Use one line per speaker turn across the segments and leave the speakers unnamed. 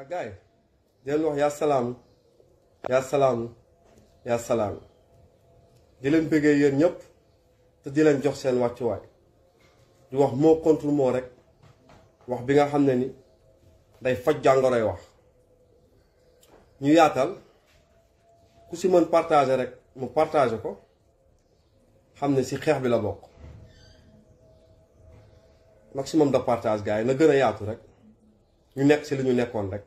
waa gars yi di leen wax yaa salaam yaa salaam yaa salaam di leen bëggee yéen ñëpp te di leen jox seen wàccuwaay di wax moo contre moo rek wax bi nga xam ne ni day faj jàngoroy wax ñu yaatal ku si mën partager rek mu partager ko xam ne si xeex bi la bokk maximum de partage gars yi na gën a yaatu rek ñu nekk si li ñu nekkoon rek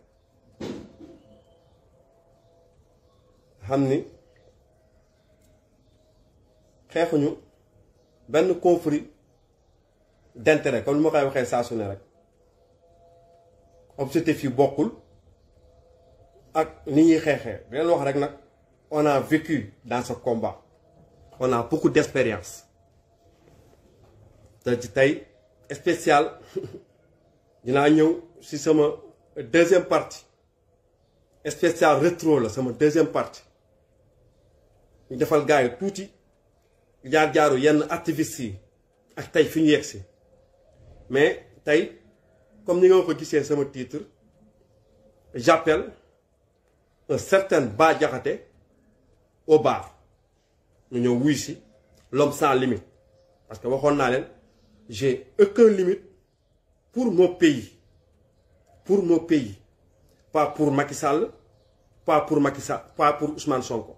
Hamni, xexuñu ben benn d'intérêt comme lu ma koy waxee saa su rek objectif yi bokul ak ni ñuy xeexee di wax rek nak on a vécu dans ce combat on a beaucoup d'expérience te ci tay spécial dina ñëw ci sama deuxième partie spécial rétro la sama deuxième partie il defal gars tout tuuti jaar-jaaru yenn activistes ak tey fi ñu mais comme ni nga ko ce sama titre j'appelle un certain la tête, au bar Nous ñëw wuy l'homme sans limite parce que waxoon dit, leen j'ai aucun limite pour mon pays pour mon pays pas pour Macky pas pour Macky Sall pas pour Ousmane Sonko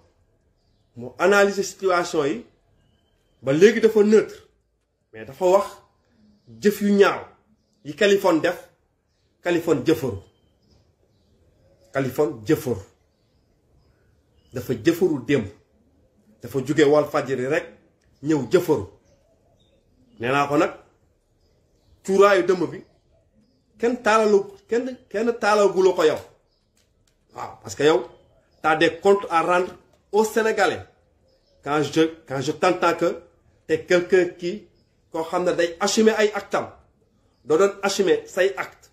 mu analyser situation yi ba léegi dafa neutre mais dafa wax jëf yu ñaaw yi Kaliphone def Kaliphone jëfaru Kaliphone jëfaru dafa jëfaru démb dafa jóge wal fajiri rek ñëw jëfaru nee naa ko nag cuuraayu dëmm bi kenn taalalu kenn kenn taalaguloo ko yow waaw parce que yow t'as des à rendre aux Sénégalais quand je quand je tente tant que t'es quelqu'un qui koo xam ne day assumer ay actam doo doon assumer say acte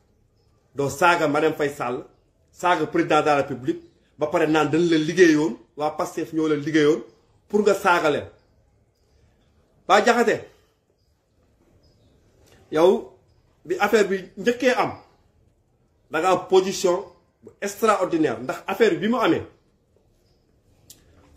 doo saaga madame Faye Sall saaga président de la République ba pare naan dañ la liggéeyoon waa Pastef ñoo la liggéeyoon pour nga saaga leen Bah Diakhaté yow bi affaire bi njëkkee am da nga am position extraordinaire ndax affaire bi mu amee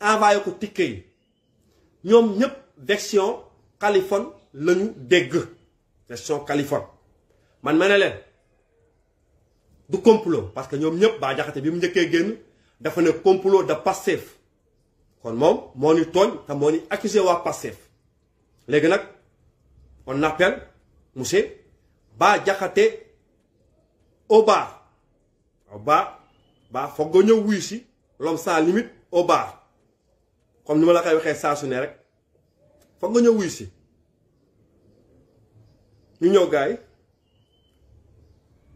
envoyé ko tikke yi ñoom ñëpp version Californie lañu dégg version Californie man ma ne leen du complot parce que ñoom ñëpp baa jaxate bi mu njëkkee génn dafa ne complot de Pastef kon moom moo ni tooñ te moo ni accusé waa Pastef léegi nag on appelle monsieur baa jaxate au bar au bar baa foog nga si l'homme sans limite au comme ni ma la koy waxee saa ne rek foog nga ñëw wuy si ñu ñëw gaay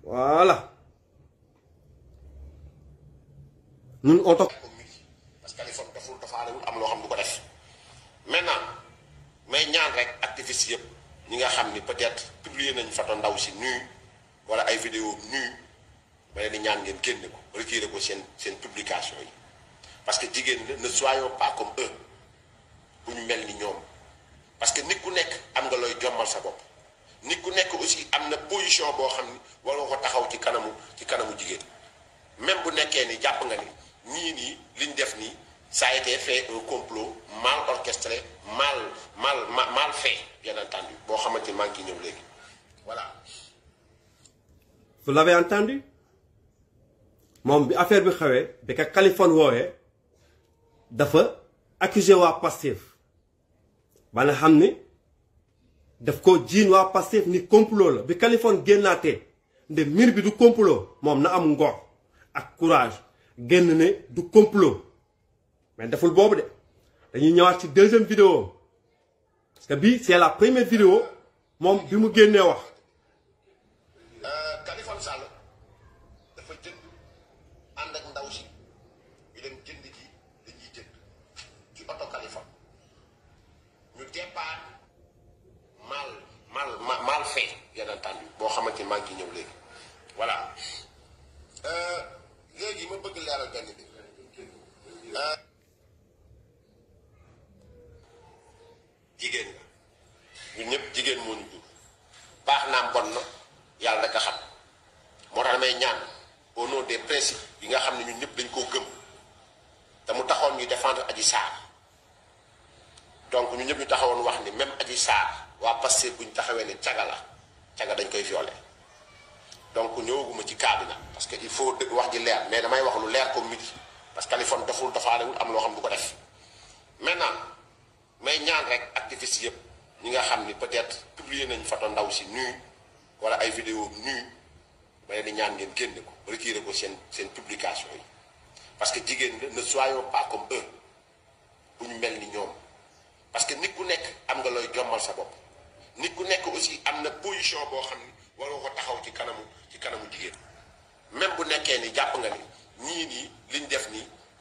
voilà ñun on toog
parce que Californie deful dafaalewul am loo xam du ko def maintenant may ñaan rek activiste yëpp ñi nga xam ni peut-être publier nañ photo ndaw si nuy wala ay vidéo nuy ma leen di ñaan ngeen génne ko retiré ko seen seen publication yi parce que jigéen ne soyons pas comme eux bu ñu mel ni parce que nit ku nekk am nga looy jommal sa bopp nit ku nek aussi am na position bo xamni ni ko taxaw ci kanamu ci kanamu jigéen même bu nekkee ni japp nga ni ni ni liñ def ni ça a été fait un complot mal orchestré mal mal mal fait bien entendu bo xamanté ni maa ngi ciy voilà.
vous l'avez entendu mom bi affaire bi xawé bi ka Kaliphone woowee dafa accuser waa Pastef ba nga xam daf ko jiin wa Pastef ni complot la bi Kaliphone génnaatee nde mbir bi du complot mom na am ngor ak courage génn ne du complot mais deful bobu de dañuy ñëwaat ci deuxième vidéo parce que bi c'est la première vidéo mom bi mu génnee wax
maintenant may ñaan rek peut-être publier nañ photo ndaw si wala vidéo publication parce que jigéen ne soyons pas comme eux bu ñu parce que nit ku nekk am nga looy jommal sa nit ku aussi am na position boo xam ni waroo ko taxaw ci kanamu ci kanamu jigéen même bu nekkee ni jàpp nga ni ñii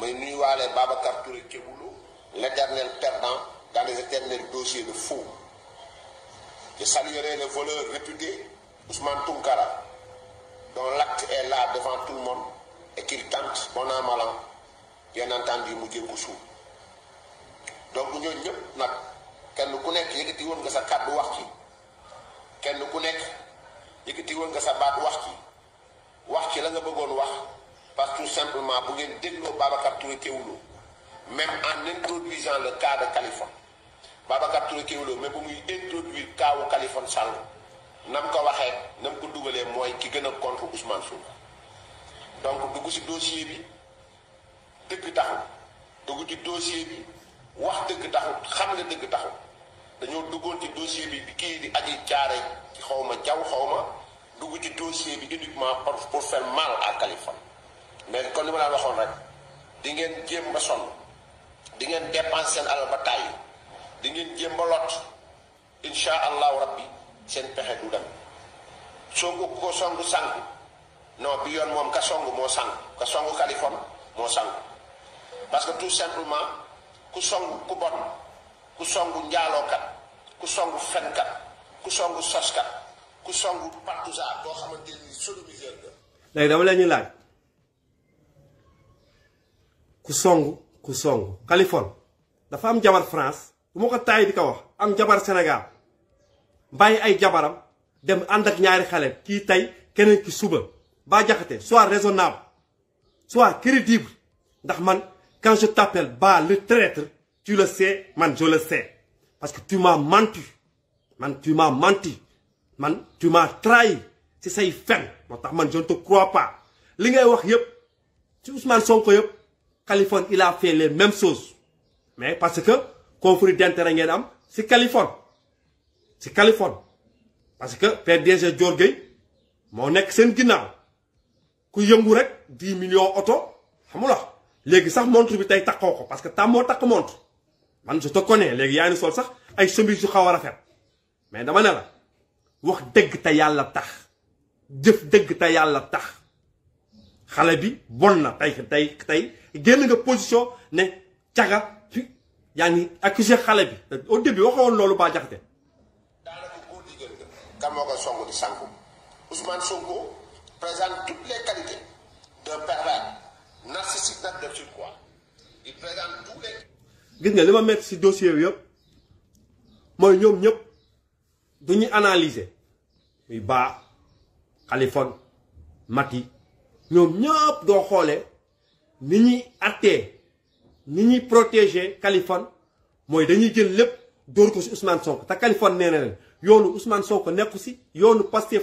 may nuyuwaale Babacar Touré boulot.
l'éternel perdant dans les éternels dossiers de faux. Je saluerai le voleur réputé Ousmane Tunkara, dont l'acte est là devant tout le monde et qu'il tente bon an mal an bien entendu nous nous nous donc nous sommes. nous kenn ku nous nga sa nous sa la parce que tout simplement, vous avez déglot Babacar Touré Keoulo, même en introduisant le cas de Californe. Babacar Touré Keoulo, même pour introduire le cas de Californe Salon, nam ko waxé nam ko dougalé moy ki gëna contre Ousmane Sonko donc dougu ci dossier bi dëgg taxul dougu ci dossier bi wax dëgg taxul xam nga dëgg taxul dañoo duggoon ci dossier bi bi ki di aji caare ci xawma jaw xawma dougu ci dossier bi uniquement pour pour faire mal à Kaliphone mais kon ni ma la waxoon rek di ngeen jëm ba son di ngeen dépenser al bataay di ngeen jëm ba lot insha allah rabbi seen pexé du dem songu ko songu sang non bi yon mom ka songu mo sang ka songu californe mo sang parce que tout simplement ku songu ku bon ku songu kat ku songu fenkat ku songu kat ku songu partisan boo xamante ni sodomiseur la
lay dama leen ñu laaj Kusong, kusong, kalifon da Californie am jabar France bu moko tay di ko wax am jabar senegal bàyyi ay jabaram dem andak ñaari xalé ki tay keneen ki suba ba jaxate soit raisonnable soit crédible ndax man quand je t'appelle ba le traître tu le sais man je le sais parce que tu m'as menti man tu m'as menti man tu m'as trahi c'est ça il fait motax man je ne te crois pas li ngay wax yeb ci Ousmane Sonko yeb Californie il a fait les mêmes choses mais parce que conflit d'intérêt c'est am Californie c'est Californie parce que PDG Dior mon ex nekk qui ginnaaw ku yëngu rek 10 millions auto xamula léegi sax montre bi tey takkoo parce que ta mort, takk montre man je te connais léegi yaa ngi sol sax ay chemise yu Mais a mais dama ne la wax dëgg te yàlla tax jëf dëgg te yàlla tax xalé bi bon na tay tay tay genn nga position ne tiaga fi yani ngi accusé xale bi au début waxoon loolu Bah Diakhaté daanaka
góor jigéen nga kan moko songu di sànku Ousmane Sonko présente toutes les qualités d'un pervers narcissique de surcroît il présente tous
les gis nga li ma mettre ci dossier bi moy ñom ñep ñëpp analyser muy ba Khalifa Mati ñom ñëpp do xolé ni ñi ni protéger dañuy jël Ousmane Sonko Ta Kaliphone néna len Ousmane Sonko yoonu Pastef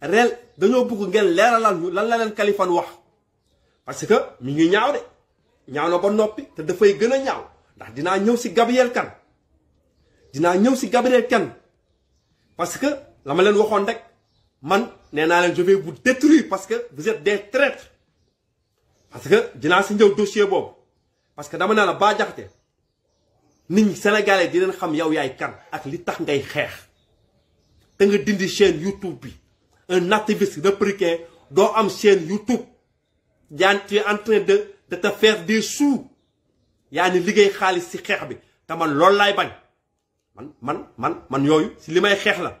rel dañu bëgg ngeen lan la len wax parce que mi ngi ñaaw de ñaaw na ba nopi te ñaaw ndax Gabriel kan, dina ñëw Gabriel parce que la maladie man nee je vais vous détruire parce que vous êtes des traîtres parce que dinaa si ñëw dossier boobu parce que dama ne la Bah Diakhaté sénégalais di leen xam yow yaay kan ak li tax ngay xeex te nga dindi chaîne YouTube bi un activiste républicain doo am chaîne YouTube yaa ngi en train de de te faire des sous yaa ni liggéey xaalis si xeex bi te man loolu bañ man man man man yooyu si li may la.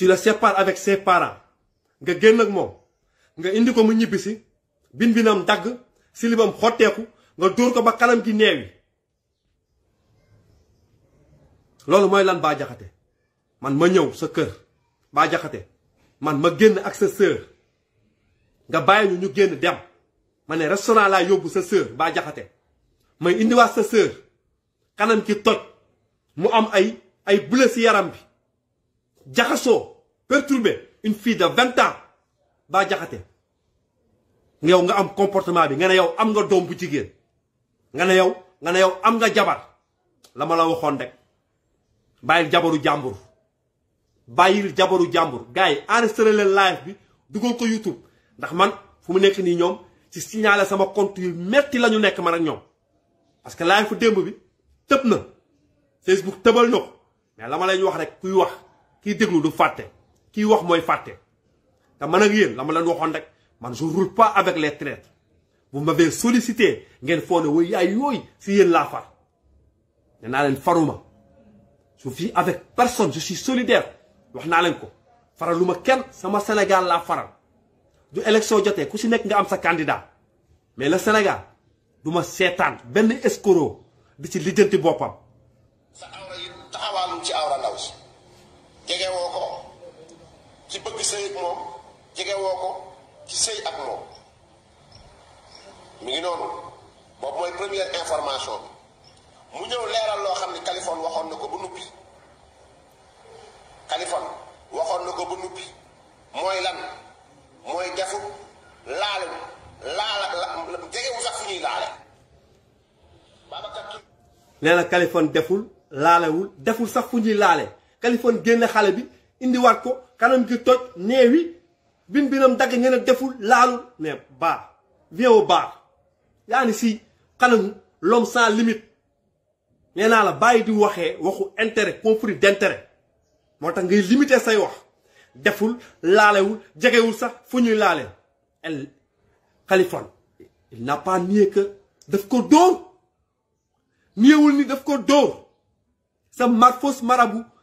tu le sépares avec ses parents nga génn ak moom nga indi ko mu bin binam dagg silibam xotteeku nga dóor ko ba kanam gi neewi loolu mooy lan baa jaxate man ma ñëw sa kër baa jaxate man ma génn ak sa sœur nga bàyyi ñu ñu génn dem ma ne restaurant laa sa sœur jaxate may sa sœur kanam ki toj mu am ay ay bule yaram bi jaxasoo perturbé une fille de 20 ans ba yow nga am comportement bi nga yow am nga un bu nga yow yow am nga jabar la la waxone rek bayil jabaru jambour bayil jabaru Je ne live bi ko YouTube ndax man nek ni ñom ci signaler sama compte yu metti man ak parce que live na Facebook tebal na mais la ne wax rek qui déglu du fàtte kii wax mooy fàtte te man ak la ma leen waxoon rek man je roule pas avec les traîtres vous m'avez sollicité ngeen foog le way yaay yooyu si yéen laa far ne naa je suis avec personne je suis solidaire wax naa leen ko faraluma kenn sama Sénégal laa faral du élection jotee ku si nga am sa candidat mais le Sénégal du ma Ben benn escroc di ci lijjanti boppam
sëy ak moom jege ko ci sëy ak moom mi ngi noonu boobu mooy première information bi mu ñëw leeral loo xam ne Kaliphone waxoon na ko ba nuppi Kaliphone waxoon na ko ba nuppi mooy lan mooy defut laalu laala jegewu sax fu ñuy laale Babacar
nee deful laalewul deful sax fu ñuy laale Kaliphone génn xale bi indiwaat ko kanam gi toj neew bin binam dag ñene deful laalul mais ba viens au bar yani si xanam l'homme sans limite nee naa la bàyyi di waxee waxu intérêt conflit d'intérêt motax ngay limiter say wax deful laalewul jegewul sax fu ñuy laale el Khaliphone il n'a pas nié que daf ko dóor niewul ni daf ko dóor sa marfos fausse marabu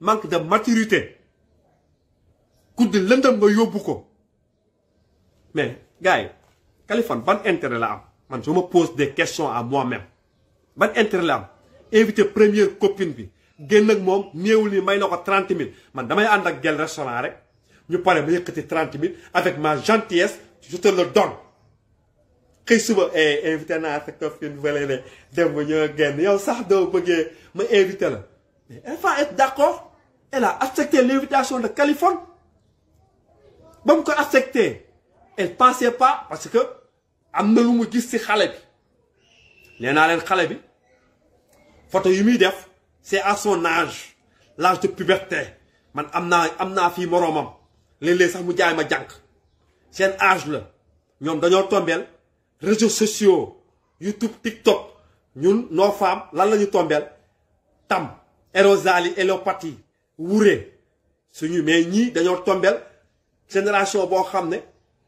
manque de maturité. Il n'y a pas Mais, gars, Califan, Je me pose des questions à moi-même. Quel intérêt là la première copine. Je suis allé à 30 000. je suis allé à restaurant Nous parlons de 30 000. Avec ma gentillesse, je te le donne. Je suis eh, invité à faire une nouvelle Je vais invité à faire Je vais invité mais elle va être d'accord. Elle a accepté l'invitation de Californie. Bon, qu'elle accepté, elle ne pensait pas parce que amna lu mu gis ci xalé bi néna len xalé bi photo yu def c'est à son âge l'âge de puberté man amna amna fi moromam Les sax mu jaay ma jank un âge la ñom dañoo tombel réseaux sociaux youtube tiktok ñun nos femmes lan lañu tombel tam Erosali élopati Wure suñu mais dañoo La génération bo xamné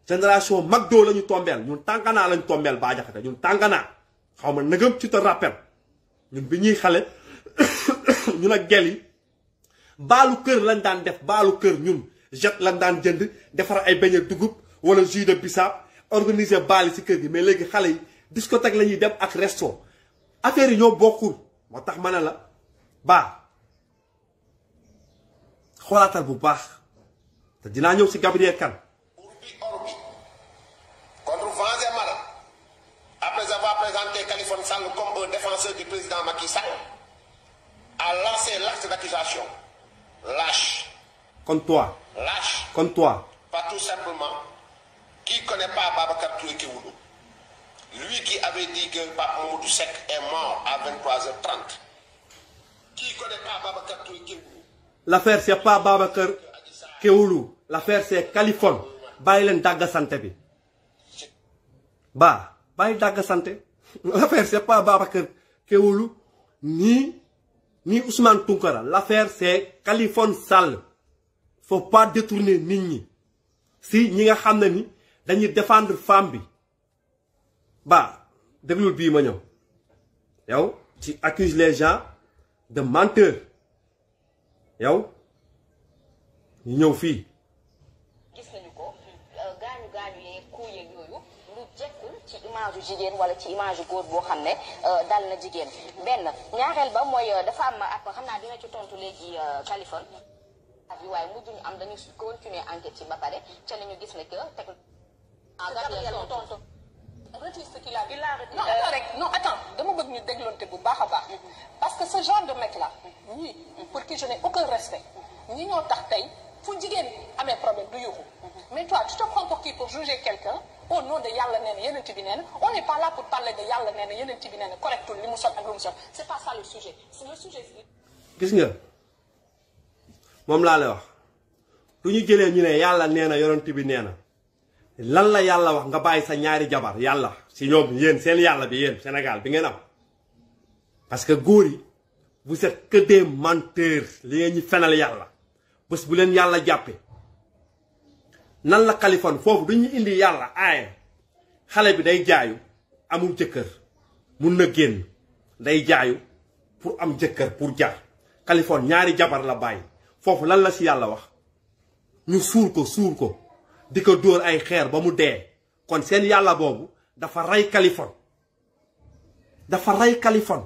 génération Magdo la de ñun tangana lañu bah de jaxata ñun tangana xawma de te rappelles ñun bi de ñun ak gel yi de kër lañ daan def balu kër ñun jet lañ daan jënd défar ay beñe dugub wala jus de bissap organiser bal la kër gi mais légui xalé discothèque la dem ak resto affaire yi ñoo tax la bah, Quoi xoolaatal bah. T'as T'as dit l'agneau si Gabriel contre Kane
après avoir présenté Californie Sall comme un défenseur du président Macky a lancé l'acte d'accusation. Lâche.
Contre toi. Lâche. Contre toi.
Pas tout simplement. Qui ne connaît pas Babacar Toué Lui qui avait dit que Pape Moudou Sek est mort à 23h30. Qui connaît
l'affaire c'est pas Babacar Keoulou l'affaire c'est caliphone bailen daga santé bi ba daga santé l'affaire c'est pas Babacar Keoulou ni ni Ousmane Toukara. l'affaire c'est Il sale, faut pas détourner ni ni. si ñi nga xam ni défendre femme Bah, ba déglul bii ma tu accuses les gens de menteur yow ñu ñëw fii
gis nañu ko euh, gaañu gaañu yee kuuyeg yooyu lu jekkul ci image jigéen wala ci image góor boo xam ne euh, dal na jigéen benn ñaareel ba mooy euh, dafa am xam naa dina ci tontu léegi Californie bi waaye mujj ñu am dañu continuer enquête ba pare ca nañu gis ne que teg ah, Non, attends, non, attends. dama bëgg ñu dégloonte bu baax parce que ce genre de mec là. pour qui je n'ai aucun respect. ni ñoo tax vous fu à mes problème du yuuxu. mais toi tu te prends pour qui pour juger quelqu'un au nom de Yalanen et on n'est pas là pour parler de Yalanen et correct, bi c'est pas ça le sujet c'est le sujet.
Qu'est-ce que? tu lay wax alors. Tu jëlee ñu ne yàlla nee na lan la yalla wax nga bàyyi sa ñaari jabar yalla si ñom yeen seen yalla bi yeen senegal bi ngeen am parce que goori yi vous êtes que des menteurs li ngeen ñu fenal yalla bés bu len yalla jappé nan la fofu duñ ñi indi yalla ay xalé bi day jaayu amul jëkkeur mu na génn day jaayu pour am jëkkeur pour jaar Kaliphone ñaari jabar la bay. fofu lan la si yalla wax ñu suur ko ko di ko dóor ay xeer ba mu dee kon seen yàlla boobu dafa ray Kaliphone dafa ray kalifon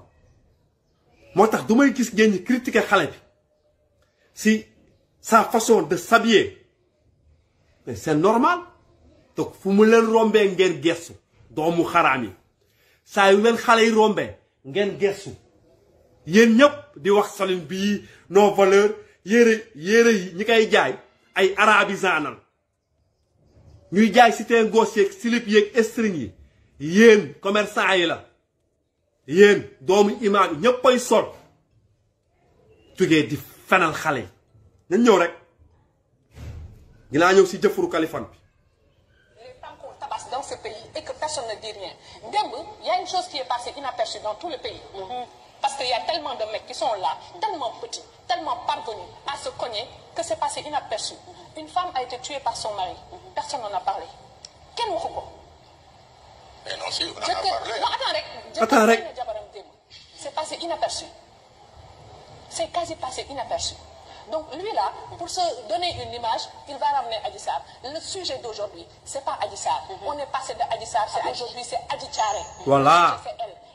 moo tax du may gis ngeen ñi xale bi si sa façon de s'habiller seen c'est normal fu mu leen rombee ngeen gestu doomu xaraam yi saa yu leen xale yi rombee ngeen gestu yéen ñëpp di wax solin bii nos valeurs yére yére yi ñi koy jaay ay arabisants ñuy jaay cité ngos yeeg slip yek string yi yéen commerçant yi la yeen doomu imaam ñeppay ñëpp koy sol jógee di fanal xalé ñu nañ ñëw rek dinaa ñëw ci jëfuru kalifan bi
dans ce pays et que personne ne dit rien. il y a une chose qui est passée inaperçue dans tout le pays. Mm -hmm. Parce qu'il y a tellement de mecs qui sont là, tellement petits, tellement parvenus à se cogner, que c'est passé inaperçu une femme a été tuée par son mari. Mhm. Personne n'en a parlé. Quel waxu quoi
mais non c'est on parlé
hein. attends c'est passé inaperçu. c'est quasi passé inaperçu. Donc lui là, pour se donner une image, il va ramener Adissar. Le sujet d'aujourd'hui, ce n'est pas Adissar. Mm On est passé de Adissar, c'est aujourd'hui, c'est Adichare. Voilà. C'est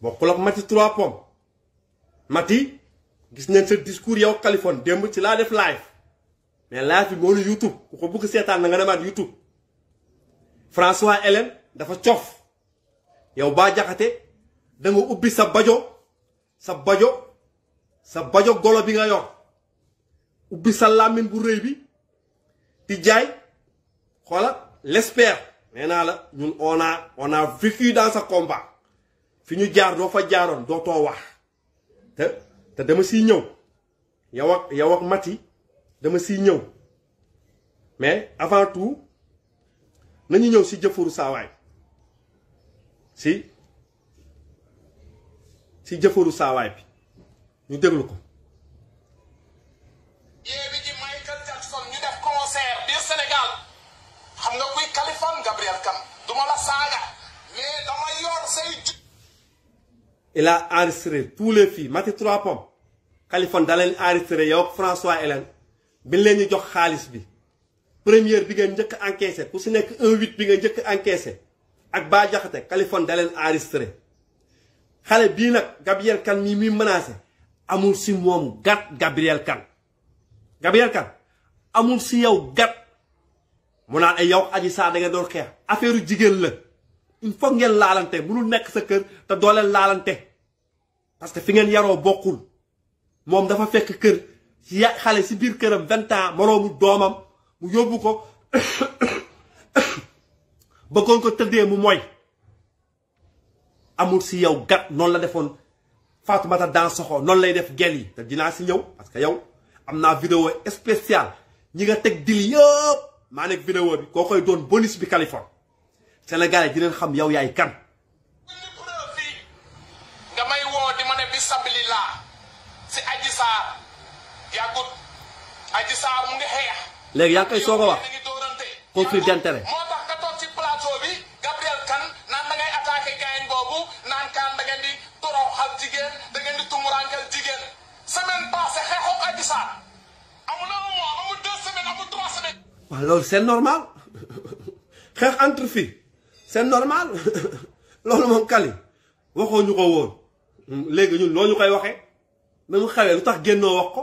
bokkul ak Mati trois pom Mati gis nañ sa discours yow Kaliphone démb ci la def live mais la fi mo YouTube ku ko bëgg sétane nga YouTube François Ellen dafa ciof yow ba Diakhaté da nga ubbi sa bajo sa bajo sa bajo golo bi nga yor ubbi sa lamine bu reuy bi di jaay l'espère mais na la ñun on a on a vécu dans sa combat fiñu jaar do fa do to wax te te dama si ñew yow ak yow ak mati dama si ñew mais avant tout nañu ñew si jëfuru saawaay si si jëfuru saawaay bi ñu déglu ko
Sénégal xam nga kuy Gabriel Kam, duma la
il a enregistré tous les filles Mati Trois Pommes Kaliphone da leen enregistré yow François Hélène biñ leen ñu jox xaalis bi première bi nga njëkk encaissé ku si nekk un huit bi nga jëkk encaissé ak Bah Diakhaté Kaliphone da leen xale bii nag Gabrielle Kane mii muy menacé amul si moom gat Gabrielle Kane Gabrielle Kane amul si yow gat mun naan ay yow Adji Sarr da nga xeex affaire jigéen la il faut ngeen laalante mënul nekk sa kër te dooleen laalante parce que fi ngeen yaroo bokkul moom dafa fekk kër ya xale si biir këram vingt ans moroomu doomam mu yóbbu ko bëggoon ko tëddee mu moy amul si yow gat noonu la defoon Fatoumata Dansokho noonu lay def gel yi te dinaa si ñëw parce que yow am naa vidéo spéciale ñi nga teg dil yëpp maa nekk vidéo bi koo koy doon bonus bi Californie sénégalais dinañ xam yow yaay kan
Adji Sarr mu ngi xeex.
léegi yaa ngi koy soog a wax conflit d'intérêt.
moo tax nga toog ci plateau bi Gabriel Kane naan da ngay attaqué boobu naan kaan da ngeen di toroxal jigéen da ngeen di jigéen semaine passée xeexu Adji Sarr amul un mois amul deux semaines amul trois semaines.
waaw loolu c'est normal xeex entre filles c'est normal loolu moom Kali waxoo ñu ko woon léegi ñun loo ñu koy waxe na mu xawee lu tax génnoo wax ko.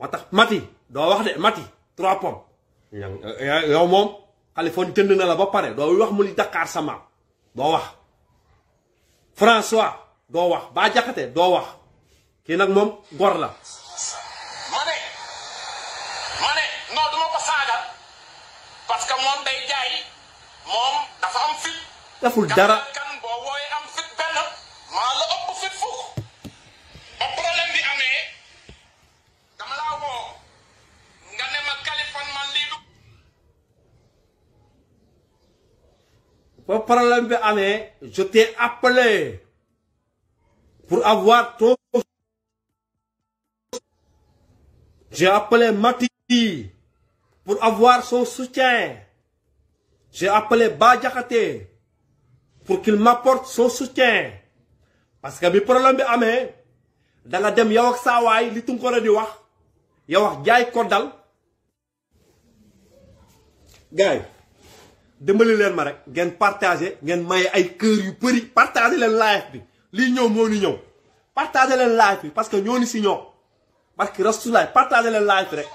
moo mati do wax de mati trois pommes yow moom Californie teund na la ba pare do wax mu ni Dakar sa maam doo wax François do wax ba jaxate do wax ki nak mom gor la
mané mané no duma ko parce que mom day jaay mom dafa am fil
daful dara problème je t'ai appelé pour avoir trop j'ai appelé Mati pour avoir son soutien j'ai appelé Badiakate pour qu'il m'apporte son soutien parce que le problème bi dans da nga dem yow ak saawaay li Tunkara di wax yow wax peu de dimbali leen ma rek ngeen partagé ngeen may ay kër yu bëri partagé leen live bi lii ñëw moo ni ñëw partagé leen live bi parce que ñoo ni si ñoo parce que rastulaay partagé leen live bi rek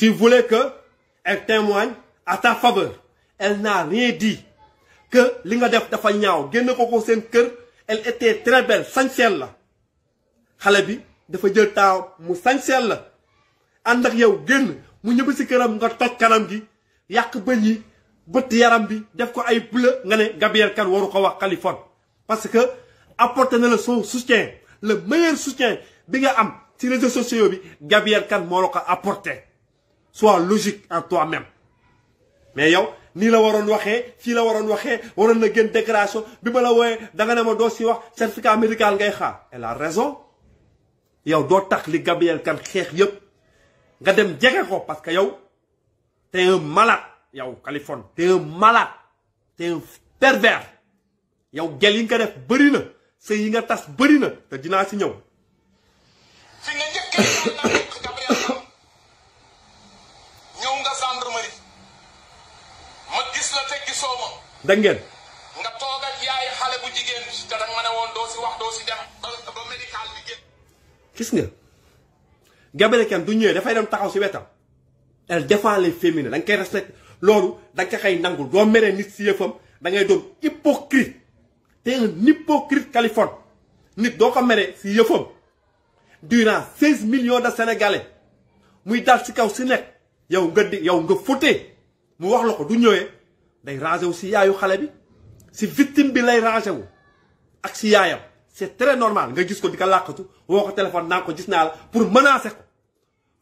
Tu voulais elle témoigne à ta faveur. Elle n'a rien dit. Que ko ko sen Senker, elle était très belle, sanctielle. Khalabi, de Fajel Tao, mou sanctielle. yow Yao, mu ñëb ci keram, nga kanam karamgi, yak bani, bët yaram bi def ko ay bleu nga ne Gabrielle Kane waru ko wax Kaliphone parce que apporter na le son soutien le meilleur soutien bi nga am ci réseaux sociaux bi Gabriel kan mo lo ko apporté sois logique en toi-même mais yow ni la waroon waxé, fi la waroon waxé, na déclaration bima la woyé da nga ma wax certificat médical ngay xaar elle a raison yow do tax li Gabriel kan xex yépp nga dem djégé ko parce que un malade yow y un malade t'es un pervers yow gel yi nga def bari na sëy yi nga tas bari na te da ngeen.
nga toog ak yaay xale bu jigéen te da ma ne woon doo si wax doo si dem ba
nga Gabrielle du ñëwee dafay dem taxaw ci wetam elle défend les féminines da nga koy respecté loolu da nga koy nangul doo meree nit si yëfam da ngay doon hypocrite te nit doo ko meree si yëfam durant seize millions de sénégalais muy dal si kaw si nekk yow nga di yow nga fóotee mu wax la ko du ñëwee. day rangé aussi yaayu xalé bi ci victime bi lay wu ak c'est très normal nga gis ko dika téléphone gis pour menacer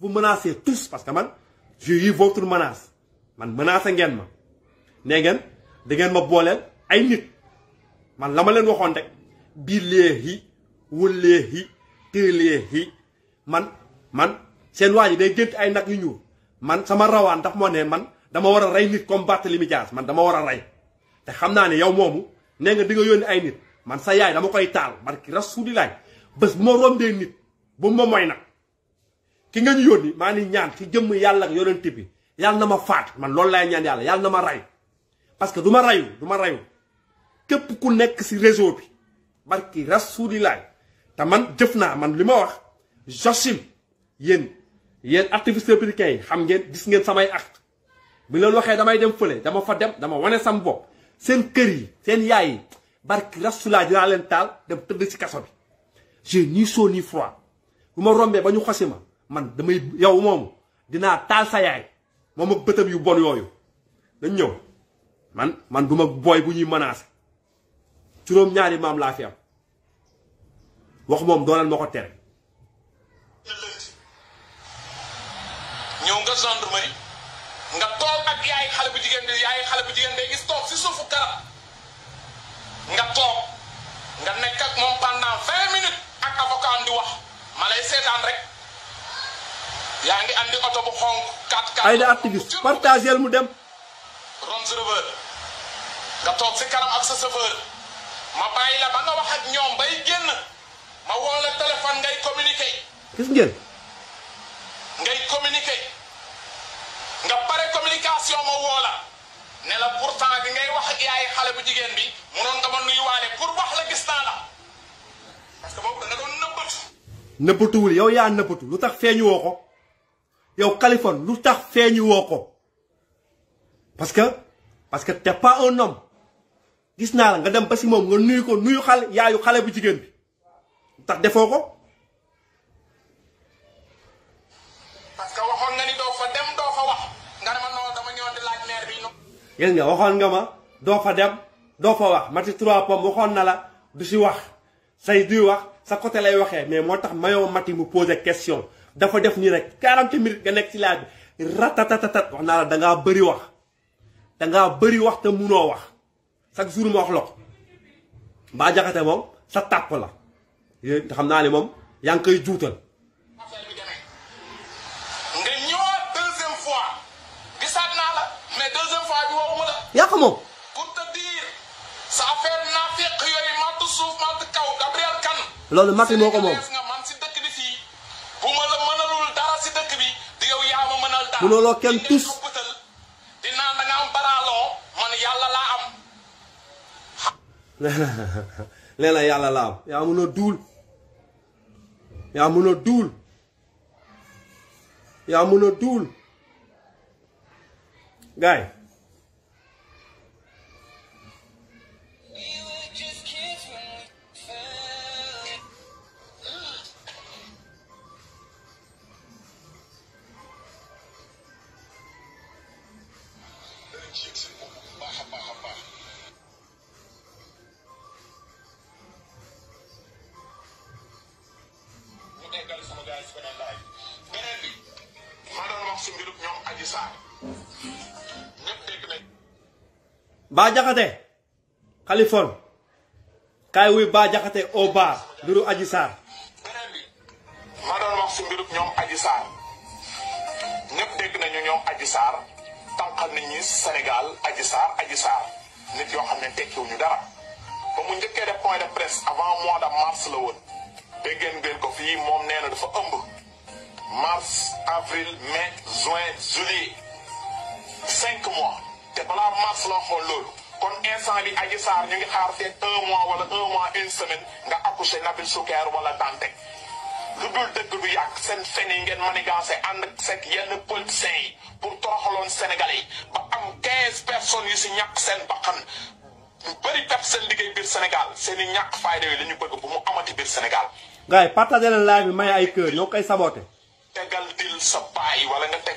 vous menacez tous parce que man j'ai eu votre menace man menace ma ma ay nit man lama len rek man man sen waji day ay nak yu ñu man sama man dama war a rey nit comme Barthélemy Dias man dama war a rey te xam naa ne yow moomu nee nga di nga yónni ay nit man sa yaay dama koy taal barki rasulilaay bés bu ma rombee nit bu ma moy nag ki nga ñu yónni maa ni ñaan ci jëmm yàlla ak yonent bi yàlla na ma faat man loolu laay ñaan yàlla yàlla na ma rey parce que du ma reyu du ma reyu képp ku nekk si réseau bi barki rasulilaay te man jëf naa man li ma wax josim yéen yéen activiste yi xam ngeen gis ngeen samay acte bi leen waxee damay dem fële dama fa dem dama wane sam bopp seen kër yi seen yaay yi barki rasulaa dinaa leen taal dem tëdd ci kaso bi j'ai ni chaud ni froid bu ma rombee ba ñu xosi ma man damay yow moomu dinaa taal sa yaay moom ak bëtam yu bon yooyu dañ ñëw man man du ma booy bu ñuy menacé juróom-ñaari maam laa fi am wax moom doonal ma ko tere
ñëw nga gendarmerie nga toog ak yaay xale bu jigéen bi yaay xale bu jigéen day gis toog si suufu garab nga toog nga nekk ak moom pendant vingt minutes ak avocat di wax ma seetaan rek yaa ngi andi oto bu xonk
quatre quatre mu dem
Range Rover toog si ak sa chauffeur ma bàyyi la ba nga wax ak ñoom bay génn ma woo la téléphone ngay communiquer gis ngeen ngay communiquer nga pare communication ma woo la ne la pourtant bi ngay wax ak xale bu jigéen bi munoon nga ma nuyuwaale pour wax la gis naa la parce que boobu doon nëbbatu.
nëbbatuwul yow yaa nëbbatu lu tax feeñu woo ko yow Kaliphone lu tax feeñu woo ko parce que parce que t'es pas un gis naa la nga dem ba si moom nga nuyu ko nuyu xale yaayu xale bu jigéen bi lu tax defoo ko. yëg nga waxoon nga ma doo fa dem doo fa wax Mati trois waxoon na la du si wax say duy wax sa côté lay waxee mais moo tax mayoo Mati mu posé question dafa def nii rek 40 minutes nga nekk ci laaj bi ratatatatat wax naa la dangaa bëri wax dangaa bëri wax te munoo wax chaque jour ma wax la ko mbaa jaxate moom sa tàpp la yéen xam naa ne moom yaa ngi koy juutal mo ya lolu mati moko mom
buma la manalul
tus nee na yàlla la Ya yaa mën Bah Diakhaté Kaliphone kaay wuy Bah Diakhaté au mbiru Adji Sarr beneen
bi maa doon wax si mbiru ñoom Adji Sarr dégg nañu ñoom Adji Sarr tànqal nit ñi Sénégal Adji Sarr nit yoo xam ne tekkiwuñu dara ba mu njëkkee def point de presse avant mois de mars la woon déggeen ngeen ko fii moom nee na dafa ëmb mars avril mai juin juillet mois te balaa mars la xool loolu kon instant bi Adji Sarr ñu ngi xaar te un mois wala un mois une semaine nga accouché Nabil Soukair wala lu dul dëgg du yàgg seen fen yi ngeen manigancé ànd ak seen yenn politiciens yi pour loon Sénégalais yi ba am 15 personnes yu si ñàkk seen bakkan ñu bëri perte seen liggéey biir Sénégal seen i ñàkk fayda yi la ñu bëgg bu mu amati biir Sénégal.
gars yi partagé leen live bi may ay kër ñoo koy saboté.
tegal dil sa baay wala nga teg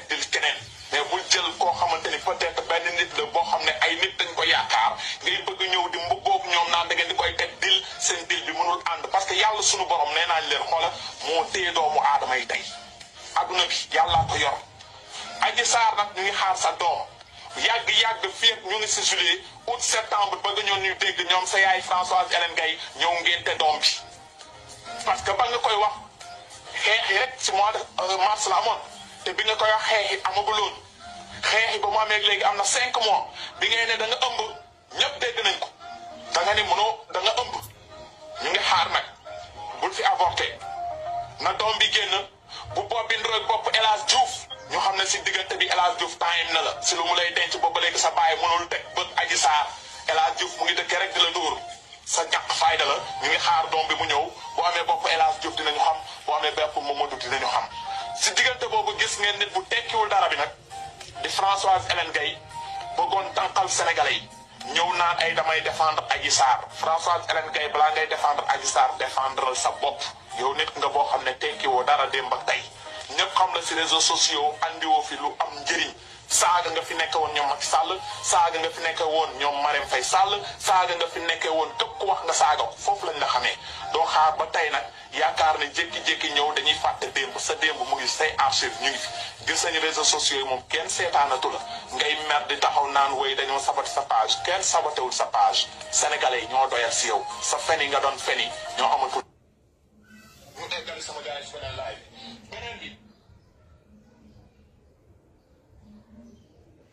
mais bul jël koo xamante ni peut-être benn nit la boo xam ne ay nit dañ ko yaakaar ngay bëgg ñëw di mbubboog ñoom naan da ngeen di koy teg dil seen dil bi mënul ànd parce que yàlla suñu borom nee naa leen xoola moo téye doomu aadama yi tey adduna bi yàllaa ko yor aji saar nag ñu xaar sa doom yàgg-yàgg fii ñu ngi si juillet août septembre bëgg ñoon ñu dégg ñoom sa yaay Françoise Hélène Gaye ñëw ngénte doom bi parce que ba nga koy wax xeex rek ci mois de euh, mars la amoon te bi nga koy wax xeexi amaguloon xeexi ba mu amé légui amna 5 mois bi ngay né da nga ëmb ñepp dégg nañ ko da nga né mëno da nga ëmb ñu ngi xaar nak bul fi avorté na doom bi génn bu bopp bi ndoog bopp El Hadj ñu xamné ci digënté bi hélas djouf time na la ci lu mu lay denc bop ba léegi sa baay mënul tek bëk aji sa hélas djouf mu ngi dëkk rek dila la sa ñak fayda la ñu ngi xaar doom bi mu ñëw bo amé bop hélas djouf dinañu xam boo amee bopp Mamadou dinañu xam. si diggante boobu gis ngeen nit bu tekkiwul dara bi nag di Françoise Hélène Gaye bëggoon tànqal sénégalais yi ñëw naan ay damay défendre Adji Sarr Françoise Hélène Gaye balaa ngay défendre Adji Sarr défendre sa bopp yow nit nga boo xam ne tekkiwoo dara démb ak tey ñëpp xam la si réseaux sociaux andiwoo fi lu am njëriñ saaga nga fi nekke woon ñoom Macky Sall saaga nga fi nekk woon ñoom Marème Faye Sall saaga nga fi nekkee woon képp wax nga saaga ko foofu lañ la xamee doo xaar ba tey nag yaakaar ne jékki-jékki ñëw dañuy fàtte démb sa démb mu ngi say archive ñu ngi fi gis nañu réseaux sociaux yi moom kenn seetaanatu la ngay mer di taxaw naan woy dañoo sabat sa page kenn sabatewul sa page sénégalais yi ñoo doyal si yow sa fen yi nga doon fen ñoo amatul. mu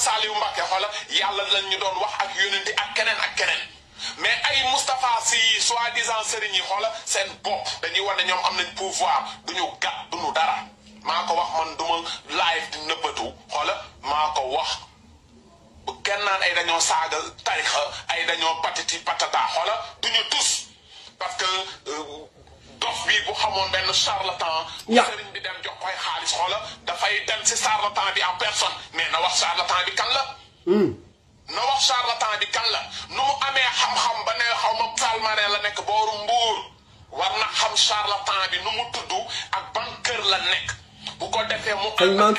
Saliou Mbacke xoola yàlla lañ ñu doon wax ak yonent yi ak keneen ak keneen mais ay Moustapha si soi-disant sëriñ yi xoola seen bopp dañuy wane ñoom am nañ pouvoir du ñu gàtt du ñu dara maa ko wax man duma live di nëppatu xoola maa ko wax bu kenn naan ay dañoo saaga tarixa ay dañoo patati patata xoola du ñu tus parce que euh, dof bii bu xamoon benn charlatan. ñax sëriñ bi dem jox koy xaalis xoola dafay dem si charlatan bi en personne mais na wax charlatan bi kan la. Hmm. na wax charlatan bi kan la nu mu amee xam ba ne xaw ma palmarin la nekk booru mbuur war na xam charlatan bi nu mu tudd ak ban kër la nekk. bu ko defee mu
ànd ak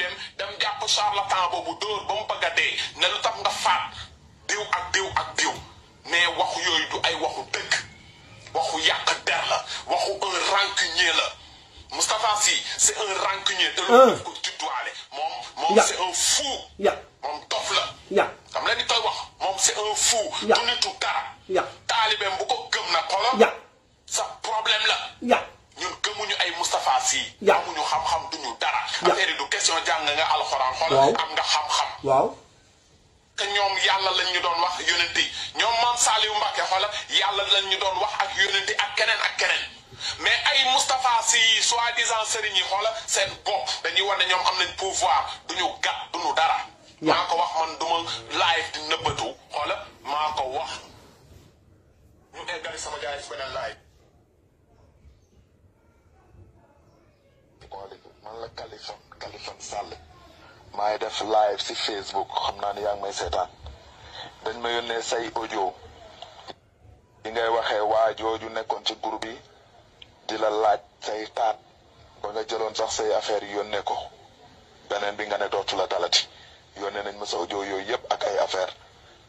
dem
dem jàpp temps boobu dóor ba mu bëgg a dee ne lu tax nga faat diw ak diw ak diw mais waxu yooyu du ay waxu dëkk. waxu yàq der la waxu un rancunier la Moustapha sii c' est un rancunier. te
loolu daf ko moom moom c'
un fou. moom dof la. yàq xam leen ni koy moom est un fou. yàq bu ko gëm na xoolal. yàq sa problème la. yàq ñun gëmuñu ay Moustapha Sy. yàq amuñu xam-xam duñu dara. affaire du question jàng nga alxuraan. xoolal am nga xam-xam. waaw. te ñoom yàlla lañ ñu doon wax yonent yi ñoom maam Saliou Mbacke xola yàlla lañ ñu doon wax ak yonent yi ak keneen ak keneen mais ay mustapha si soi-disant sëriñ yi xola seen bopp dañuy wane ñoom am nañ pouvoir du ñu gàtt du ñu dara. maa ko wax man du ma live di nëbbatu xola maa ko wax ñu eggali sama gars yi si beneen live. man la Kalifon Kalifon Sall. maay def live si Facebook xam naa ne yaa ngi may seetaan dañ ma yónnee say audio yi ngay waxee waa jooju nekkoon ci groupe bi di la laaj say taat ba nga jëloon sax say affaire yónnee ko beneen bi nga ne dootu la dalati yónnee nañ ma sa audio yooyu yëpp ak ay affaire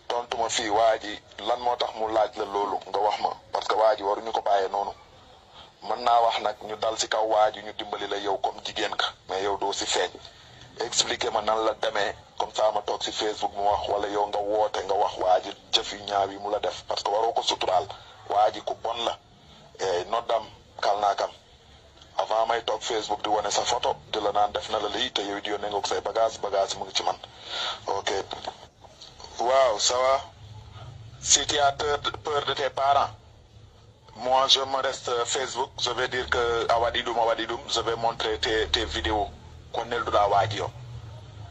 tontu ma fii waa ji lan moo tax mu laaj la loolu nga wax ma parce que waa ji waruñu ko bàyyee noonu mën naa wax nag ñu dal si kaw waa ji ñu dimbali la yow comme jigéen ka mais yow doo si feeñ. expliquer ma nan la demee comme ça ma tok si Facebook mu wax wala yo nga woote nga wax waa ji jëf yu ñaaw mu la def parce que waroko sutural suturaal ku bon la e eh, nodam kal avant may tok Facebook di woné sa photo di la nan def na la li te yow it yónnee nga say bagage bagage mu ngi ci man ok Wow, ça va c'est théâtre peur de tes parents moi je me reste Facebook je vais dire que Awadidoum Awadidoum je vais montrer tes tes vidéos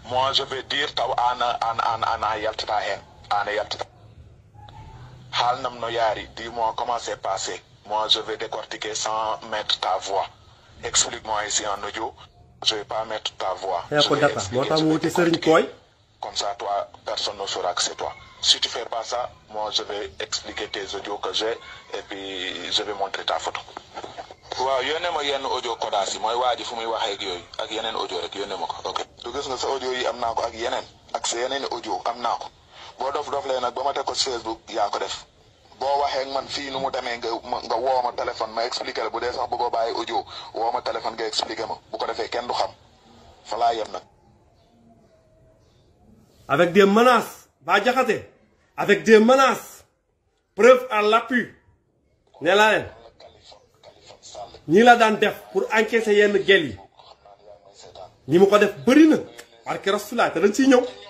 moi je vais dire taw un, an an an hen dis moi comment c'est passé moi je vais décortiquer sans mettre ta voix explique moi ici en audio je vais pas mettre ta voix comme ça toi personne ne saura que c'est toi si tu fais pas ça moi je vais expliquer tes audios que j'ai et puis je vais montrer ta photo waaw yónnee ma yenn ojo kodaas mooy waa ji fu muy waxee ak yooyu ak yeneen audio rek yónnee ma ko ok. du gis nga sa audio yi am naa ko ak yeneen ak sa yeneen audio am naa ko boo dof dof lee nag ba ma teg ko Facebook yaa ko def boo waxee man fii nu mu demee nga nga woo ma téléphone ma expliqué la bu dee sax bëggoo bàyyi audio woo ma téléphone nga expliqué ma bu ko defee kenn du xam fa laa yem nag.
avec des menaces Bah Diakhaté avec des menaces preuve à l'appui ne ñii la daan def pour encaisser yenn gel yi ñi mu ko def bëri na barke Rasulullah te dañ siy ñëw